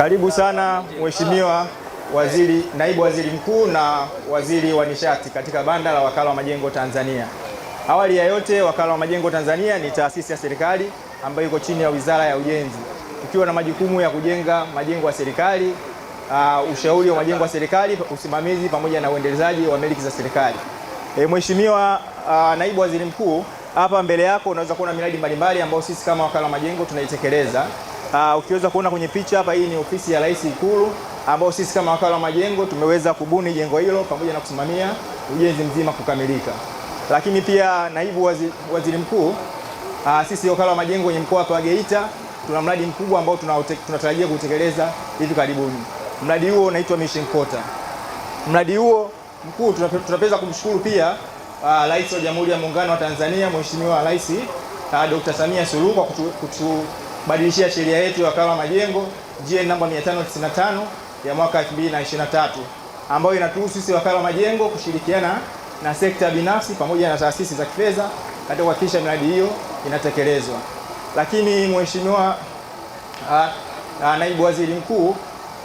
Karibu sana Mheshimiwa Waziri, Naibu Waziri Mkuu na Waziri wa Nishati katika banda la Wakala wa Majengo Tanzania. Awali ya yote, Wakala wa Majengo Tanzania ni taasisi ya serikali ambayo iko chini ya Wizara ya Ujenzi, ikiwa na majukumu ya kujenga majengo ya serikali, uh, ushauri wa majengo ya serikali, usimamizi pamoja na uendelezaji wa miliki za serikali. E, Mheshimiwa uh, Naibu Waziri Mkuu, hapa mbele yako unaweza kuona miradi mbalimbali ambayo sisi kama Wakala wa Majengo tunaitekeleza Uh, ukiweza kuona kwenye picha hapa, hii ni ofisi ya Rais Ikulu, ambao sisi kama wakala wa majengo tumeweza kubuni jengo hilo pamoja na kusimamia ujenzi mzima kukamilika. Lakini pia naibu waziri, waziri mkuu uh, sisi wakala wa majengo kwenye mkoa wa Geita tuna mradi mkubwa ambao tunatarajia kutekeleza hivi karibuni. Mradi huo unaitwa Mission Quarter. Mradi huo mkuu tunapenda kumshukuru pia uh, Rais wa Jamhuri ya Muungano wa Tanzania Mheshimiwa Rais uh, Dr. Samia Suluhu kwa kutu, kutu kubadilishia sheria yetu ya wakala wa majengo GN namba 595 ya mwaka 2023 ambayo inatuhusu sisi wakala wa majengo kushirikiana na sekta binafsi pamoja na taasisi za kifedha katika kuhakikisha miradi hiyo inatekelezwa. Lakini mheshimiwa ah, ah, naibu waziri mkuu,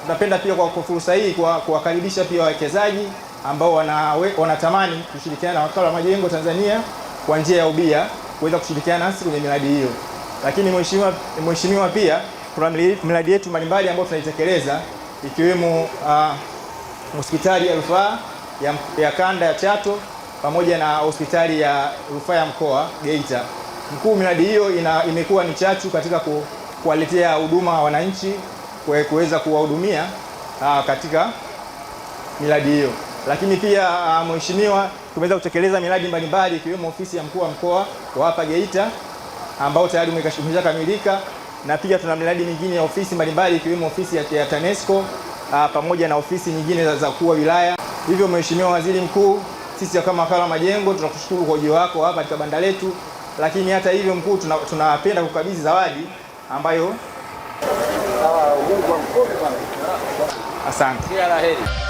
tunapenda pia kwa fursa hii kuwakaribisha pia wawekezaji ambao wanatamani kushirikiana na wakala wa majengo Tanzania kwa njia ya ubia kuweza kushirikiana nasi kwenye miradi hiyo. Lakini mheshimiwa, pia kuna miradi yetu mbalimbali ambayo tunaitekeleza ikiwemo ah, hospitali uh, ya rufaa ya, ya kanda ya Chato pamoja na hospitali ya rufaa ya mkoa Geita. Mkuu, miradi hiyo imekuwa ni chachu katika ku, kuwaletea huduma wananchi kuweza kuwahudumia uh, katika miradi hiyo. Lakini pia uh, mheshimiwa, tumeweza kutekeleza miradi mbalimbali ikiwemo ofisi ya mkuu wa mkoa wa hapa Geita ambao tayari umeshakamilika, na pia tuna miradi mingine ya ofisi mbalimbali ikiwemo ofisi ya TANESCO ah, pamoja na ofisi nyingine za, za kuu wa wilaya. Hivyo Mheshimiwa Waziri Mkuu, sisi kama wakala wa majengo tunakushukuru kwa ujio wako hapa katika banda letu, lakini hata hivyo mkuu, tunapenda tuna kukabidhi zawadi ambayo. Asante. Kila la heri.